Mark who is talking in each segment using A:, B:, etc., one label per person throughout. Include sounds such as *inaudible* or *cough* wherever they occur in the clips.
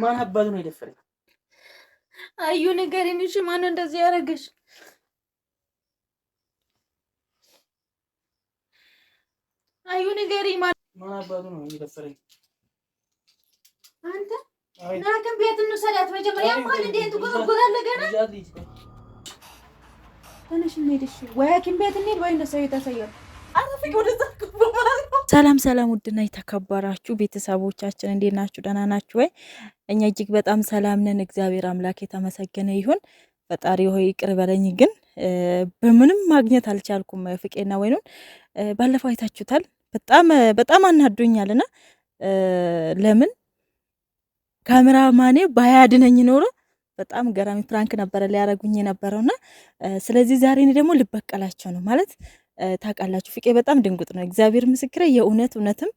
A: ማን አባቱ ነው የደፈረኝ?
B: አዩ ንገሪኝ፣ እሺ ማነው እንደዚህ ያደረገሽ? አዩ ንገሪኝ፣ ማን
A: አባቱ ነው የደፈረኝ?
B: አንተ ናክን ቤት እንውሰዳት መጀመሪያ። ማን እንዴት ትጎዘጎዛለህ ገና ተነሽ፣ እንሂድ። እሺ ወይ ሐኪም ቤት እንሂድ ወይ እንደሰው ይታሳያል። አረፍኝ ወደዛ ሰላም ሰላም፣ ውድና የተከበራችሁ ቤተሰቦቻችን እንዴት ናችሁ? ደህና ናችሁ ወይ? እኛ እጅግ በጣም ሰላም ነን። እግዚአብሔር አምላክ የተመሰገነ ይሁን። ፈጣሪ ሆይ ይቅር በለኝ፣ ግን በምንም ማግኘት አልቻልኩም። ፍቄና ወይኑን ባለፈው አይታችሁታል። በጣም በጣም አናዶኛል። ና ለምን ካሜራማኔ ባያድነኝ ኖሮ በጣም ገራሚ ፕራንክ ነበረ ሊያረጉኝ የነበረውና ስለዚህ ዛሬ እኔ ደግሞ ልበቀላቸው ነው ማለት ታውቃላችሁ፣ ፍቄ በጣም ድንጉጥ ነው። እግዚአብሔር ምስክር የእውነት እውነትም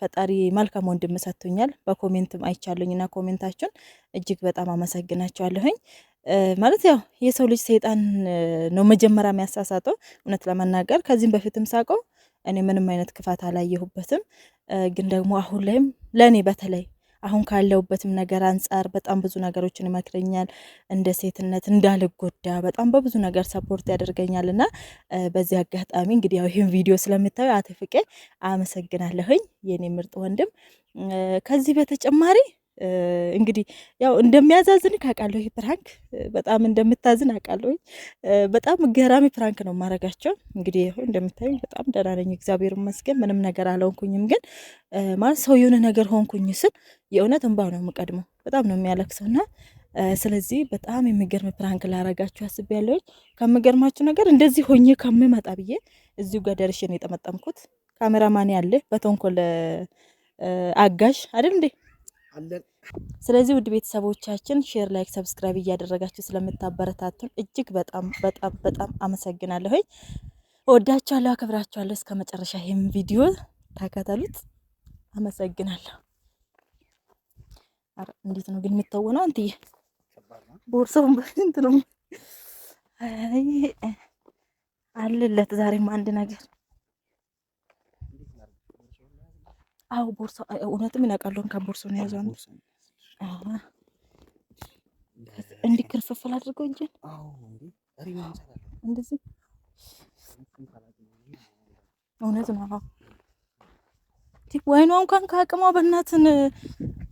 B: ፈጣሪ መልካም ወንድም ሰጥቶኛል። በኮሜንትም አይቻለኝና ኮሜንታችሁን እጅግ በጣም አመሰግናችኋለሁኝ። ማለት ያው የሰው ልጅ ሰይጣን ነው መጀመሪያ የሚያሳሳተው። እውነት ለመናገር ከዚህም በፊትም ሳውቀው እኔ ምንም አይነት ክፋት አላየሁበትም። ግን ደግሞ አሁን ላይም ለእኔ በተለይ አሁን ካለውበትም ነገር አንጻር በጣም ብዙ ነገሮችን ይመክረኛል። እንደ ሴትነት እንዳልጎዳ በጣም በብዙ ነገር ሰፖርት ያደርገኛል እና በዚህ አጋጣሚ እንግዲህ ያው ይህን ቪዲዮ ስለምታዩ አቶ ፍቄ አመሰግናለሁኝ የኔ ምርጥ ወንድም። ከዚህ በተጨማሪ እንግዲህ ያው እንደሚያዛዝን አውቃለሁ። ይህ ፕራንክ በጣም እንደምታዝን አውቃለሁ። በጣም ገራሚ ፕራንክ ነው ማረጋቸው። እንግዲህ ይኸው እንደምታዩ በጣም ደህና ነኝ፣ እግዚአብሔር ይመስገን። ምንም ነገር አልሆንኩኝም። ግን ማለት ሰው የሆነ ነገር ሆንኩኝ ስል የእውነት እንባ ነው የምቀድመው። በጣም ነው የሚያለቅሰውና ስለዚህ በጣም የሚገርም ፕራንክ ላረጋችሁ አስቤ አስቤያለሁ። ከምገርማችሁ ነገር እንደዚህ ሆኜ ከምመጣ ብዬ እዚሁ ጋር ደርሼ ነው የጠመጠምኩት። ካሜራማን ያለ በተንኮል አጋዥ አይደል እንዴ? አለን ስለዚህ ውድ ቤተሰቦቻችን ሼር፣ ላይክ፣ ሰብስክራይብ እያደረጋችሁ ስለምታበረታቱን እጅግ በጣም በጣም በጣም አመሰግናለሁኝ። ወዳችኋለሁ፣ አከብራችኋለሁ። እስከ መጨረሻ ይህም ቪዲዮ ተከተሉት። አመሰግናለሁ። እንዴት ነው ግን የምታወነው? አንትዬ ቦርሳውን በእንት ነው አለለት። ዛሬም አንድ ነገር አው ቦርሳ እውነትም ይነቃለሁ። ከቦርሳው ነው ያዘው እንዲከርፈፈል አድርገው እንጀል እንደዚህ እውነት ነው። ወይኗ እንኳን ከአቅሟ በእናትን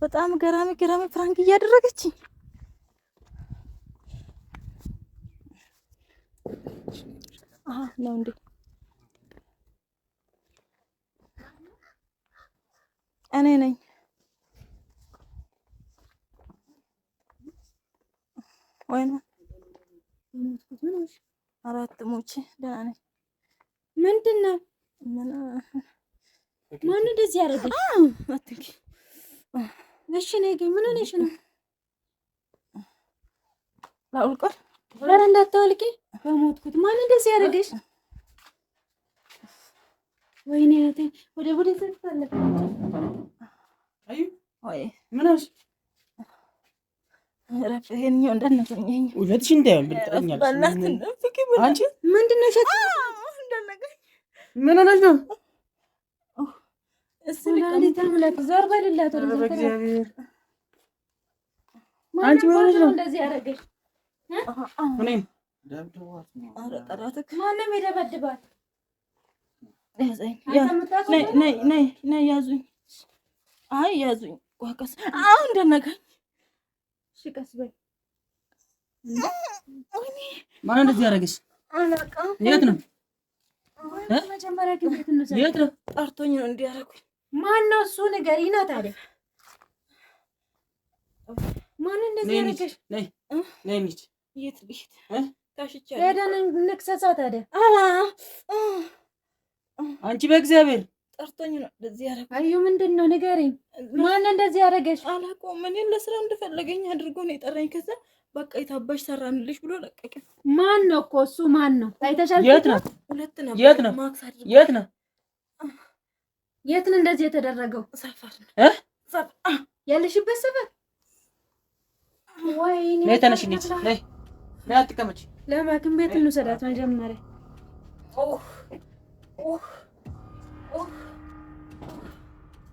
B: በጣም ገራሚ ገራሚ ፍራንክ እያደረገች ነው እንዴ! እኔ ነኝ ወይም አራት ሙቼ ደህና ነኝ። ምንድን ነው ማን እንደዚህ ያደረገሽ? አትንኪ። እሺ ነገ ምን ሆነሽ ነው? ላውልቆል ኧረ እንዳታወልቂ በሞትኩት። ማን እንደዚህ ያደረገሽ? ወይኔ ወደ ወደ ያዙኝ። አይ ያዙኝ። ዋቀስ አሁን እንደነገረኝ እሺ ቀስ በይ። ማነው እንደዚህ ያደረገሽ? የት ነው? መጀመሪያ የት ነው? ጠርቶኝ ነው እንዲህ ያደረኩኝ። ማነው እሱ? ንገሪና ታዲያ ማነው እንደዚህ ያደረገሽ? አንቺ በእግዚአብሔር ጠርቶኝ ነው እንደዚህ ያደረገው። አዩ ምንድን ነው ንገሪኝ፣ ማን እንደዚህ ያደረገች አላውቀውም። እኔን ለስራ እንደፈለገኝ አድርጎ ነው የጠራኝ። ከዛ በቃ የታባሽ ሰራንልሽ ብሎ ለቀቀ። ማን ነው እኮ እሱ ማን ነው? ታይተሻል? የት ነው? ሁለት ነው። የት ነው? የት ነው? የት ነው እንደዚህ የተደረገው? ሰፈር ነው እ ያለሽበት ሰፈር። ወይኔ ነይ ተነሽ፣ ነይ ነይ፣ አትቀመጪ። ለማክም ቤት እንውሰዳት መጀመሪያ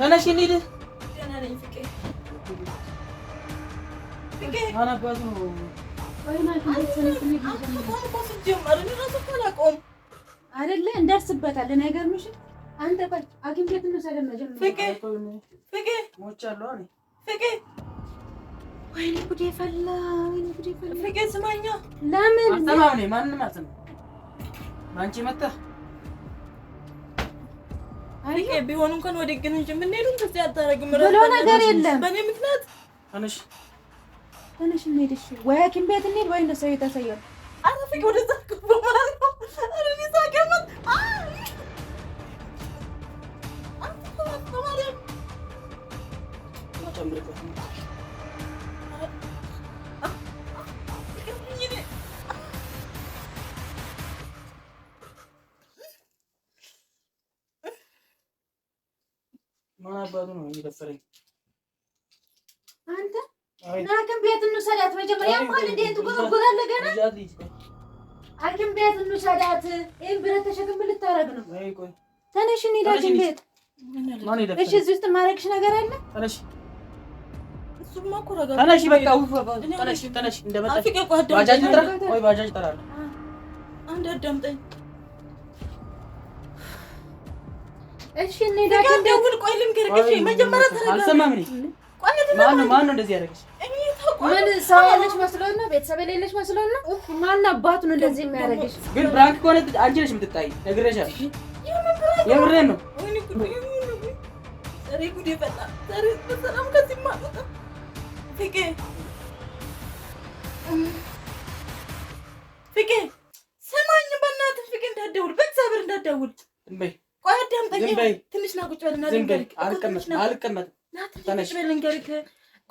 B: ተነሽ እንሂድ። አላውቀውም አይደለ እንደርስበታለን። አይገርምሽም? አንተ ቆይ ሐኪም ቤት እንወስዳለን። መጀመሪያ ሞቻለሁ። ወይኔ ጉዴ ፈላ፣ ወይኔ ጉዴ ፈላ። ስማኛ ለምን ማንም አንቺ መጣህ አይ ቢሆን እንኳን ወደ ግን እንጂ የምንሄዱም ከዚህ አታረግም ብለው ነገር የለም። በእኔ ምክንያት ተነሽ ተነሽ፣ እንሂድ። እሺ ወይ ሐኪም ቤት እንሂድ ወይ እንደ ሰው ይታሰያል። አረፍኝ ወደ እዛ ማለት ነው። አረ ሊዛ ገመት አንተ ተማሪ ማን አባቱ ነው እየደፈረኝ? አንተ ሐኪም ቤት እንውሰዳት። መጀመሪያ እንኳን እንዴት ትጎረጎራለህ? ገና ሐኪም ቤት እንውሰዳት። ይሄን ብረት ተሸክም ልታረግ ነው። ተነሽ እንሂድ ቤት። እሺ፣ እዚህ ውስጥ የማደርግሽ ነገር አለ። ተነሽ ተነሽ፣ በቃ ተነሽ፣ ተነሽ። እንደመጣሽ ባጃጅ ጠራለሁ። አንድ አዳምጠኝ እሺ እንሄዳለን። ደውል። ቆይ ልንገርሽ፣ መጀመሪያ ተረጋጋ። አልሰማም። ማን ነው እንደዚህ ያደረገሽ? ምን ሰው ያለሽ መስሎን ነው? ቤተሰብ የሌለሽ መስሎን ነው? ማን አባቱ ነው እንደዚህ የሚያደርግሽ? ግን ብራንክ ከሆነ አንቺ ነሽ የምትጣይ። ነግሬሻለሁ። የምሬን ነው። ስማኝ፣ በእናትህ ፍቄ እንዳትደውል፣ በእግዚአብሔር እንዳትደውል። ቆይ አዳምጠኝ፣ ትንሽ ና ቁጭ በልና ልንገርህ። አልቀመጥም አልቀመጥም። ና ትንሽ በል ልንገርህ።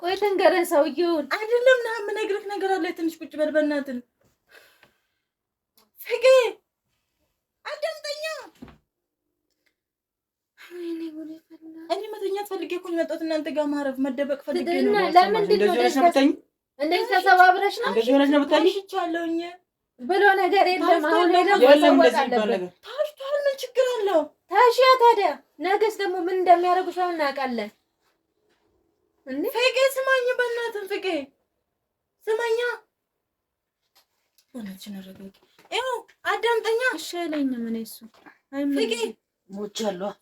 B: ቆይ ልንገርህ ሰውዬውን አይደለም። ና የምነግርህ ነገር አለ። ትንሽ ቁጭ በል በእናትህ። ፍቄ አዳምጠኛ። እኔ መተኛት ፈልጌ እኮ የመጣሁት እናንተ ጋር ማረፍ መደበቅ ፈልጌ ነው። ለምንድን እንደዚህ ተሰባብረሽ ነው እንደዚህ ሆነሽ ነው ብታይሽ ይቻለውኝ ብሎ ነገር የለም። አሁን ሌላ ታሽቷል። ምን ችግር አለው? ታሺያ ታዲያ ነገስ ደግሞ ምን እንደሚያደርጉሽ አሁን እናውቃለን። እንዴ ፍቄ ስማኝ፣ በእናትህ ፍቄ ስማኛ፣ ወንጭን አረጋግ ይኸው አዳምጠኛ። እሺ አይለኝም። እኔ እሱ ፍቄ ሞቻለሁ።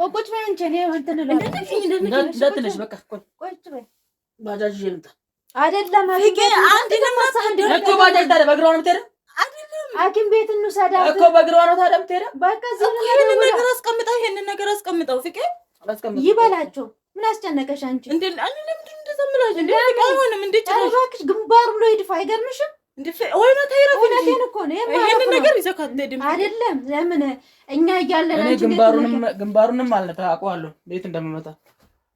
B: ቆቆች በይ አንቺ። እኔ እንትን እንዳትለሽ፣ በቃ ቆይ ቆይ፣ ባጃጅ ይምጣ። አይደለም ፍቄ፣ አንተ ደግሞ ሳንዴ እኮ ባጃጅ ታዲያ በእግሯ ነው የምትሄደው ሐኪም ቤት እንውሰዳት እኮ በእግሯ ነው ታዲያ የምትሄደው። በቃ ይሄንን ነገር አስቀምጠው፣ ይሄንን ነገር አስቀምጠው። ፍቄ ይበላቸው። ምን አስጨነቀሽ አንቺ? እንደ ለምንድን እንደዛ የምላቸው እንደ ፍቄ አይሆንም። እንደ ጭራሽ እባክሽ ግንባሩ ብሎ ይድፋ። አይገርምሽም? አይደለም ለምን እኛ እያለን ግንባሩንም አልነበር አውቀዋለሁ እንዴት እንደምመታ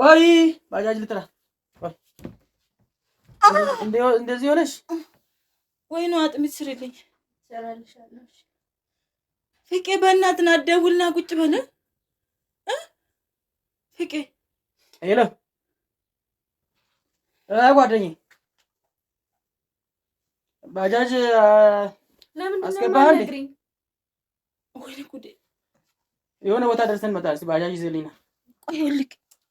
B: ቆይ ባጃጅ ልጥራ። እንደዚህ ሆነሽ ወይ ነው አጥሚት ስሪልኝ። ፍቄ በእናትና አደውልና ቁጭ በለ ፍቄ። ሄሎ ጓደኛዬ፣ ባጃጅ አስገባሃል? የሆነ ቦታ ደርሰን መጣል። ባጃጅ ይዘህልኝ ና። ቆይ ልክ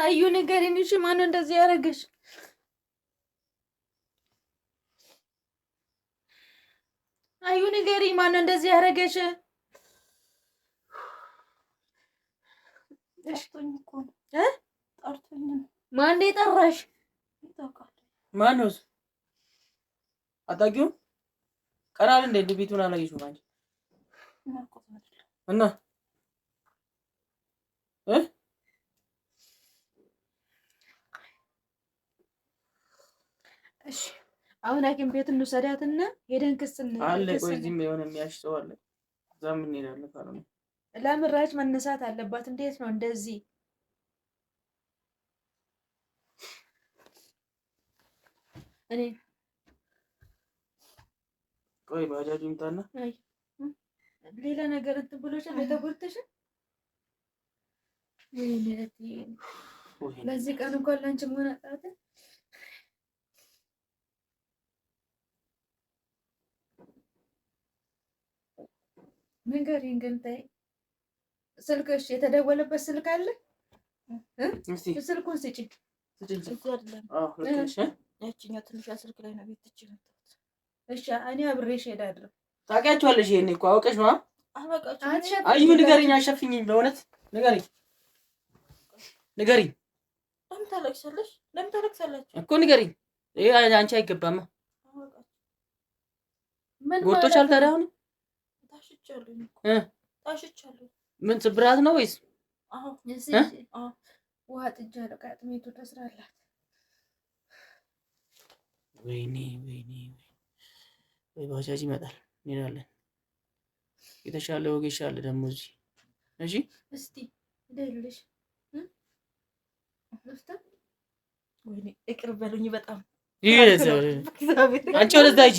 B: አዩ ንገሪኝ፣ እሺ ማነው እንደዚህ ያደረገሽ? አዩ ንገሪኝ፣ ማነው እንደዚህ ያደረገሽ? ማነው የጠራሽ? ማነው አታውቂውም? ቀናል እንደ ቤቱን አላየሽውም አንቺ እና አሁን ሐኪም ቤት እንውሰዳትና ሄደን ክስ አለ። ቆይ እዚህም የሆነ የሚያሽ ሰው አለ፣ እዛም እንሄዳለን። ካልሆነ ለምራጭ መነሳት አለባት። እንዴት ነው እንደዚህ? እኔ ቆይ ባጃጅ ይምጣና ሌላ ነገር እንትን ብሎሻል። ወይ ለዚህ ቀን እንኳን ላንቺ መሆን አጣትን ንገሪኝ ግን ተይ። ስልክሽ የተደወለበት ስልክ አለ? ስልኩን ስጪኝ። ያችኛው ትንሿ ስልክ ላይ ነው ቤት እሺ፣ እኔ አብሬሽ ሄዳለሁ። ታውቂያቸዋለሽ? ይሄኔ እኮ አውቀሽ ንገሪኝ፣ አሸፍኝኝ፣ በእውነት ንገሪኝ፣ ንገሪኝ። ለምን ታለቅሻለሽ? ለምን እኮ ንገሪኝ። ይሄ አንቺ አይገባማ። ጎቶች አልታዲያ ምን ስብራት ነው ወይስ ውሃ ጥጃ ነው? ተስራላት። ወይኔ ወይኔ ወይ ባጃጅ ይመጣል፣ እንሄዳለን። የተሻለ ወጌሻ አለ ደግሞ እዚህ። እሺ እስቲ ደልሽ ወይኔ ይቅር በሉኝ በጣም አንቺ ወደዛ ሂጂ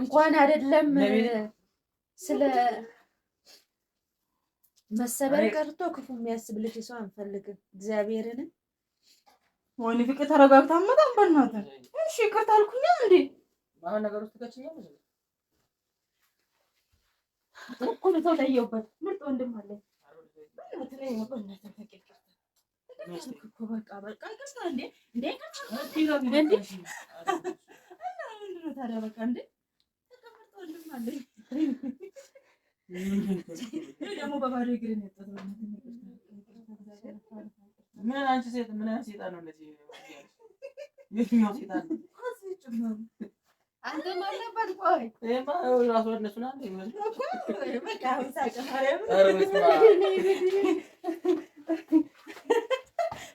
B: እንኳን አይደለም ስለ መሰበር ቀርቶ ክፉ የሚያስብልሽ ሰው አንፈልግም። እግዚአብሔርን ወይኔ ፍቅር ተረጋግታ መጣም በእናተ እሺ፣ ይቅርታ አልኩኛ እንዴ አሁን ነገር ውስጥ ተከችኛል እኮ ለሰው ለየውበት ምርጥ ወንድም አለ። በቃ በቃ ይቅርታ እንዴ እንዴ እንዴ ታዲያ በቃ እንደ ተቀመጥ ወንድም ደግሞ በባዶ እግር ምን አንቺ ሴት ምን አይነት ሴጣን ነው እንደዚህ? የትኛው ሴጣን ነው? አንተም አለበት። ቆይ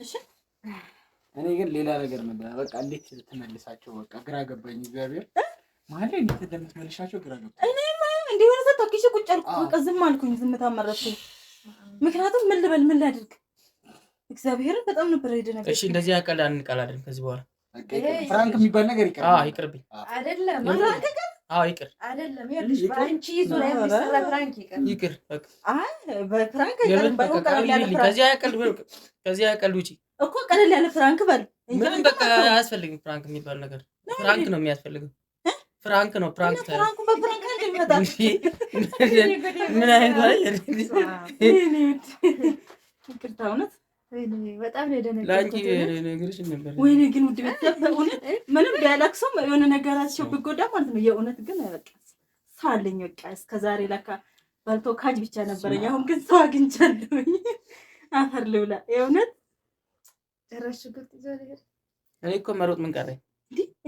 B: እኔ ግን ሌላ ነገር ነበር። በቃ እንዴት ትመልሳቸው? በቃ ግራ ገባኝ። እግዚአብሔር ማለ እንዴት እንደምትመልሻቸው ግራ ገባኝ። እኔ እንደሆነ ተታኪሽ ቁጭ አልኩ። በቃ ዝም አልኩኝ። ዝምታ መረጥኩኝ። ምክንያቱም ምን ልበል ምን ላድርግ? እግዚአብሔርን በጣም ነበር ሄደ ነበር። እሺ እንደዚህ ያቀላል እንቀላለን ከዚህ በኋላ ፍራንክ የሚባል ነገር ይቀርብኝ አይደለም አዎ ይቅር ይቅር ይቅር። ያቀል ውጪ እኮ ቀለል ያለ ፍራንክ በል። ምንም በቃ አያስፈልግም ፍራንክ የሚባል ነገር። ፍራንክ ነው የሚያስፈልግም። ፍራንክ ነው ፍራንክ ምን አይነት በጣም ነው የደነገጥኩት። ወይኔ ግን ውድ ቤተሰብ ምንም ቢያለቅሱም የሆነ ነገራቸው ቢጎዳ ማለት ነው። የእውነት ግን በቃ ሰው አለኝ በቃ እስከ ዛሬ ለካ ባልቶ ካጅ ብቻ ነበረኝ። አሁን ግን ሰው አግኝቻለሁኝ። አፈር ልብላ የእውነት እኔ እኮ መሮጥ ምን ቀረኝ?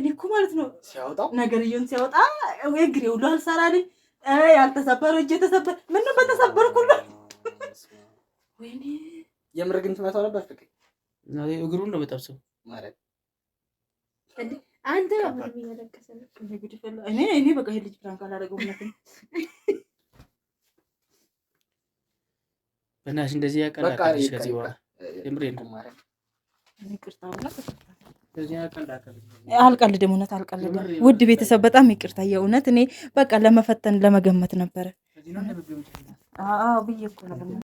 B: እኔ እኮ ማለት ነው ነገርየውን ሲያወጣ እግሬ ውሎ አልሰራልኝ ያልተሰበረው እጅ የተሰበረ ምነው በተሰበርኩ ወይኔ የምር ግን ትመታው ነበር ፍቅር እግሩ ነው በጣም ሰው ማለት አንተ እኔ እኔ በቃ ልጅ ፕራንክ አላደረገውም ነበር። *laughs* በእናትሽ እንደዚህ ያቀላቀልሽ ከዚህ በኋላ የምሬ ነው። አልቀልድም፣ እውነት አልቀልድም። ውድ ቤተሰብ በጣም ይቅርታ። የእውነት እኔ በቃ ለመፈተን ለመገመት ነበረ ብዬሽ እኮ ነው።